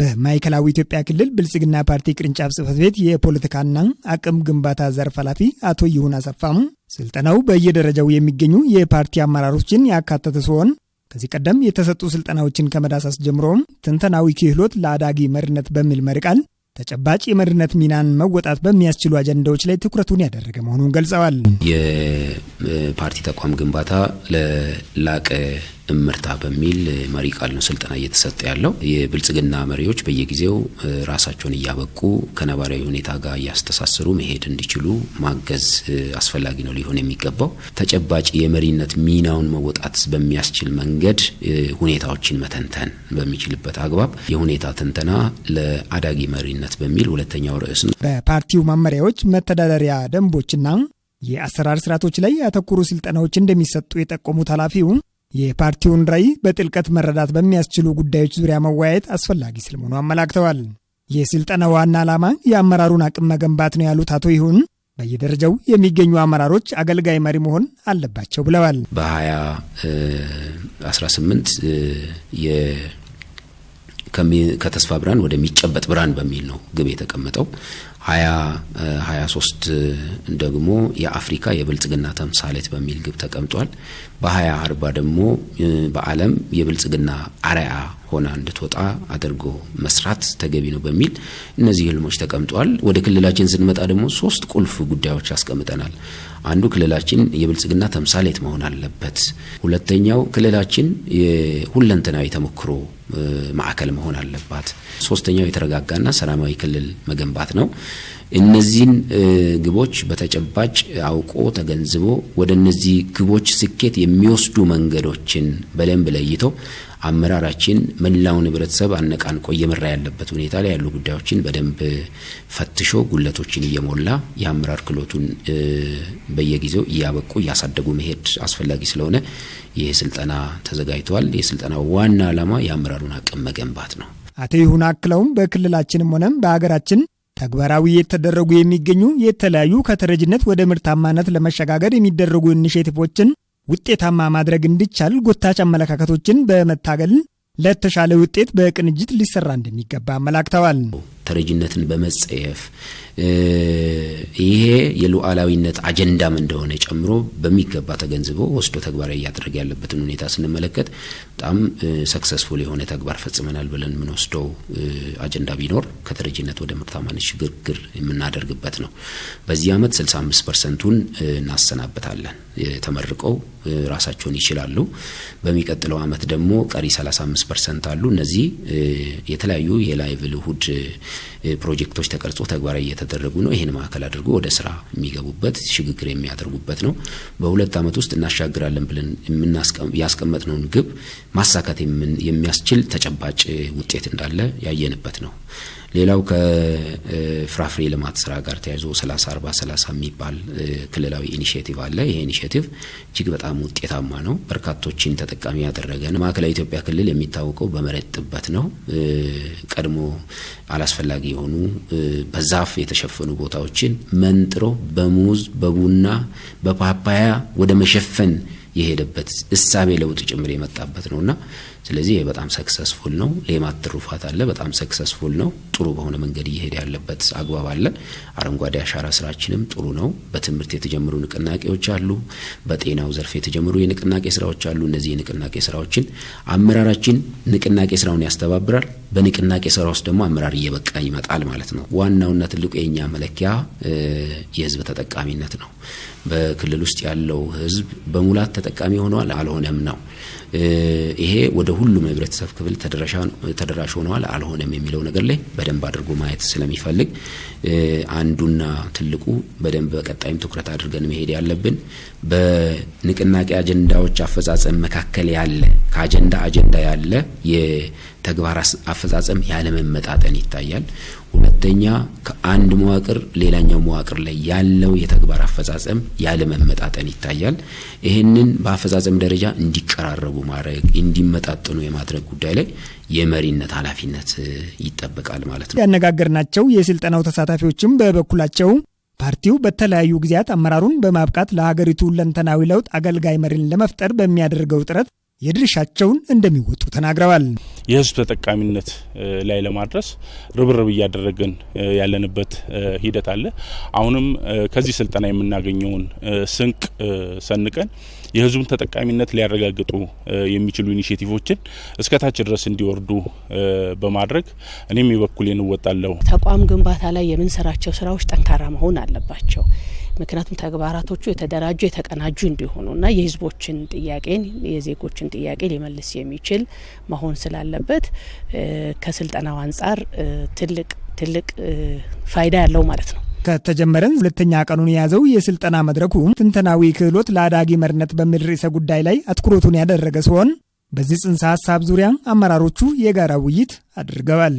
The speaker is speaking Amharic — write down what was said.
በማዕከላዊ ኢትዮጵያ ክልል ብልጽግና ፓርቲ ቅርንጫፍ ጽህፈት ቤት የፖለቲካና አቅም ግንባታ ዘርፍ ኃላፊ አቶ ይሁን አሰፋም ስልጠናው በየደረጃው የሚገኙ የፓርቲ አመራሮችን ያካተተ ሲሆን ከዚህ ቀደም የተሰጡ ስልጠናዎችን ከመዳሰስ ጀምሮም ትንተናዊ ክህሎት ለአዳጊ መሪነት በሚል መሪ ቃል ተጨባጭ የመሪነት ሚናን መወጣት በሚያስችሉ አጀንዳዎች ላይ ትኩረቱን ያደረገ መሆኑን ገልጸዋል። ፓርቲ ተቋም ግንባታ ለላቀ እምርታ በሚል መሪ ቃል ነው ስልጠና እየተሰጠ ያለው። የብልጽግና መሪዎች በየጊዜው ራሳቸውን እያበቁ ከነባራዊ ሁኔታ ጋር እያስተሳሰሩ መሄድ እንዲችሉ ማገዝ አስፈላጊ ነው ሊሆን የሚገባው። ተጨባጭ የመሪነት ሚናውን መወጣት በሚያስችል መንገድ ሁኔታዎችን መተንተን በሚችልበት አግባብ የሁኔታ ትንተና ለአዳጊ መሪነት በሚል ሁለተኛው ርዕስ ነው። በፓርቲው መመሪያዎች፣ መተዳደሪያ ደንቦችና የአሰራር ስርዓቶች ላይ ያተኮሩ ስልጠናዎች እንደሚሰጡ የጠቆሙት ኃላፊው የፓርቲውን ራዕይ በጥልቀት መረዳት በሚያስችሉ ጉዳዮች ዙሪያ መወያየት አስፈላጊ ስለመሆኑ አመላክተዋል። የስልጠና ዋና ዓላማ የአመራሩን አቅም መገንባት ነው ያሉት አቶ ይሁን በየደረጃው የሚገኙ አመራሮች አገልጋይ መሪ መሆን አለባቸው ብለዋል። በ2018 ከተስፋ ብርሃን ወደሚጨበጥ ብርሃን በሚል ነው ግብ የተቀመጠው። ሀያ ሀያ ሶስት ደግሞ የአፍሪካ የብልጽግና ተምሳሌት በሚል ግብ ተቀምጧል። በሀያ አርባ ደግሞ በዓለም የብልጽግና አርአያ ሆና እንድትወጣ አድርጎ መስራት ተገቢ ነው በሚል እነዚህ ህልሞች ተቀምጠዋል። ወደ ክልላችን ስንመጣ ደግሞ ሶስት ቁልፍ ጉዳዮች አስቀምጠናል። አንዱ ክልላችን የብልጽግና ተምሳሌት መሆን አለበት። ሁለተኛው ክልላችን የሁለንተናዊ ተሞክሮ ማዕከል መሆን አለባት። ሶስተኛው የተረጋጋና ሰላማዊ ክልል መገንባት ነው። እነዚህን ግቦች በተጨባጭ አውቆ ተገንዝቦ ወደ እነዚህ ግቦች ስኬት የሚወስዱ መንገዶችን በደንብ ለይቶ አመራራችን መላውን ህብረተሰብ አነቃንቆ እየመራ ያለበት ሁኔታ ላይ ያሉ ጉዳዮችን በደንብ ፈትሾ ጉለቶችን እየሞላ የአመራር ክሎቱን በየጊዜው እያበቁ እያሳደጉ መሄድ አስፈላጊ ስለሆነ ይህ ስልጠና ተዘጋጅተዋል። ይህ ስልጠና ዋና ዓላማ የአመራሩን አቅም መገንባት ነው። አቶ ይሁን አክለውም በክልላችንም ሆነም በሀገራችን ተግባራዊ የተደረጉ የሚገኙ የተለያዩ ከተረጅነት ወደ ምርታማነት ለመሸጋገር የሚደረጉ ኢኒሼቲቮችን ውጤታማ ማድረግ እንዲቻል ጎታች አመለካከቶችን በመታገል ለተሻለ ውጤት በቅንጅት ሊሰራ እንደሚገባ አመላክተዋል። ተረጅነትን በመጸየፍ ይሄ የሉዓላዊነት አጀንዳም እንደሆነ ጨምሮ በሚገባ ተገንዝቦ ወስዶ ተግባራዊ እያደረገ ያለበትን ሁኔታ ስንመለከት በጣም ሰክሰስፉል የሆነ ተግባር ፈጽመናል ብለን የምንወስደው አጀንዳ ቢኖር ከተረጅነት ወደ ምርታማነት ሽግግር የምናደርግበት ነው። በዚህ ዓመት 65 ፐርሰንቱን እናሰናበታለን ተመርቀው ራሳቸውን ይችላሉ። በሚቀጥለው ዓመት ደግሞ ቀሪ 35 ፐርሰንት አሉ። እነዚህ የተለያዩ ልሁድ ፕሮጀክቶች ተቀርጾ ተግባራዊ እየተደረጉ ነው። ይህን ማዕከል አድርጎ ወደ ስራ የሚገቡበት ሽግግር የሚያደርጉበት ነው። በሁለት ዓመት ውስጥ እናሻግራለን ብለን ያስቀመጥነውን ግብ ማሳካት የሚያስችል ተጨባጭ ውጤት እንዳለ ያየንበት ነው። ሌላው ከፍራፍሬ ልማት ስራ ጋር ተያይዞ 3430 የሚባል ክልላዊ ኢኒሽቲቭ አለ። ይሄ ኢኒሽቲቭ እጅግ በጣም ውጤታማ ነው፣ በርካቶችን ተጠቃሚ ያደረገ ነው። ማዕከላዊ ኢትዮጵያ ክልል የሚታወቀው በመሬት ጥበት ነው። ቀድሞ አላስፈላጊ የሆኑ በዛፍ የተሸፈኑ ቦታዎችን መንጥሮ በሙዝ በቡና በፓፓያ ወደ መሸፈን የሄደበት እሳቤ ለውጥ ጭምር የመጣበት ነውና ስለዚህ በጣም ሰክሰስፉል ነው። ሌማት ትሩፋት አለ፣ በጣም ሰክሰስፉል ነው። ጥሩ በሆነ መንገድ እየሄደ ያለበት አግባብ አለ። አረንጓዴ አሻራ ስራችንም ጥሩ ነው። በትምህርት የተጀመሩ ንቅናቄዎች አሉ። በጤናው ዘርፍ የተጀመሩ የንቅናቄ ስራዎች አሉ። እነዚህ የንቅናቄ ስራዎችን አመራራችን ንቅናቄ ስራውን ያስተባብራል። በንቅናቄ ስራ ውስጥ ደግሞ አመራር እየበቃ ይመጣል ማለት ነው። ዋናውና ትልቁ የእኛ መለኪያ የህዝብ ተጠቃሚነት ነው። በክልል ውስጥ ያለው ህዝብ በሙላት ተጠቃሚ ሆኗል አልሆነም ነው ይሄ ወደ ለሁሉም የህብረተሰብ ክፍል ተደራሽ ሆነዋል አልሆነም የሚለው ነገር ላይ በደንብ አድርጎ ማየት ስለሚፈልግ አንዱና ትልቁ በደንብ በቀጣይም ትኩረት አድርገን መሄድ ያለብን በንቅናቄ አጀንዳዎች አፈጻጸም መካከል ያለ ከአጀንዳ አጀንዳ ያለ የተግባር አፈጻጸም ያለመመጣጠን ይታያል። ሁለተኛ ከአንድ መዋቅር ሌላኛው መዋቅር ላይ ያለው የተግባር አፈጻጸም ያለመመጣጠን ይታያል። ይህንን በአፈጻጸም ደረጃ እንዲቀራረቡ ማድረግ እንዲመጣጠኑ የማድረግ ጉዳይ ላይ የመሪነት ኃላፊነት ይጠበቃል ማለት ነው። ያነጋገርናቸው የስልጠናው ተሳታፊዎችም በበኩላቸው ፓርቲው በተለያዩ ጊዜያት አመራሩን በማብቃት ለሀገሪቱ ለንተናዊ ለውጥ አገልጋይ መሪን ለመፍጠር በሚያደርገው ጥረት የድርሻቸውን እንደሚወጡ ተናግረዋል። የህዝብ ተጠቃሚነት ላይ ለማድረስ ርብርብ እያደረግን ያለንበት ሂደት አለ። አሁንም ከዚህ ስልጠና የምናገኘውን ስንቅ ሰንቀን የህዝቡን ተጠቃሚነት ሊያረጋግጡ የሚችሉ ኢኒሽቲቮችን እስከታች ድረስ እንዲወርዱ በማድረግ እኔም የበኩሌን እወጣለሁ። ተቋም ግንባታ ላይ የምንሰራቸው ስራዎች ጠንካራ መሆን አለባቸው። ምክንያቱም ተግባራቶቹ የተደራጁ የተቀናጁ እንዲሆኑ እና የህዝቦችን ጥያቄን የዜጎችን ጥያቄ ሊመልስ የሚችል መሆን ስላለበት ከስልጠናው አንጻር ትልቅ ትልቅ ፋይዳ ያለው ማለት ነው። ከተጀመረን ሁለተኛ ቀኑን የያዘው የስልጠና መድረኩ ትንተናዊ ክህሎት ለአዳጊ መሪነት በሚል ርዕሰ ጉዳይ ላይ አትኩሮቱን ያደረገ ሲሆን በዚህ ጽንሰ ሀሳብ ዙሪያ አመራሮቹ የጋራ ውይይት አድርገዋል።